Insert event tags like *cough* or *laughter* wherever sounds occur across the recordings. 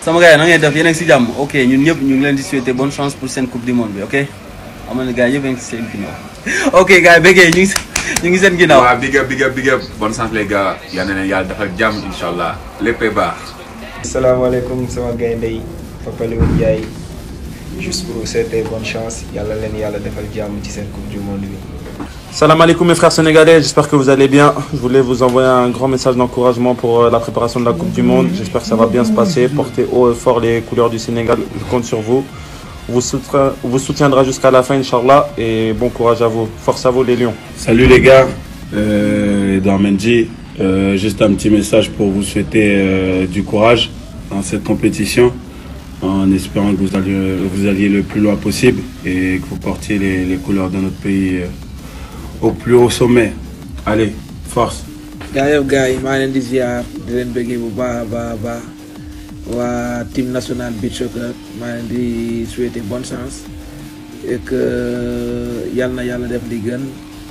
sama gars yi na def yéen a si jàmm ok ñun ñëpp ñu ngi leen di souhaiter bonne chance pour seen coupe du monde bi ok amoon na gars yëpp a ngi seen ginnaaw *laughs* ok gars yi bëggee ñu ngi seen ginnaaw. waaw big up big up big up bonne chance les gars yal na leen yàlla jàmm incha allah ba baax. asalaamaaleykum sama gaynde yi Papa Léon Ndiaye. juste pour vous bonne chance yalla alaikum coupe du monde mes frères sénégalais j'espère que vous allez bien je voulais vous envoyer un grand message d'encouragement pour euh, la préparation de la coupe du monde j'espère que ça va bien se passer portez haut et fort les couleurs du Sénégal je compte sur vous vous vous soutiendra jusqu'à la fin inchallah et bon courage à vous force à vous les lions. salut les gars euh, euh juste un petit message pour vous souhaiter euh, du courage dans cette compétition en espérant que vous alliez, vous alliez le plus loin possible et que vous portiez les, les couleurs de notre pays euh, au plus haut sommet. Allez, force. gars yëpp gars yi maa leen di ziar di leen bëggee bu team national beach soccer maa di souhaiter bonne chance et que yalla yalla def li gën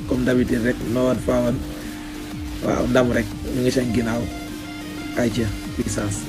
comme d'habitude rek noowat faawan waaw ndam rek ñu ngi seen ginnaaw ay ca puissance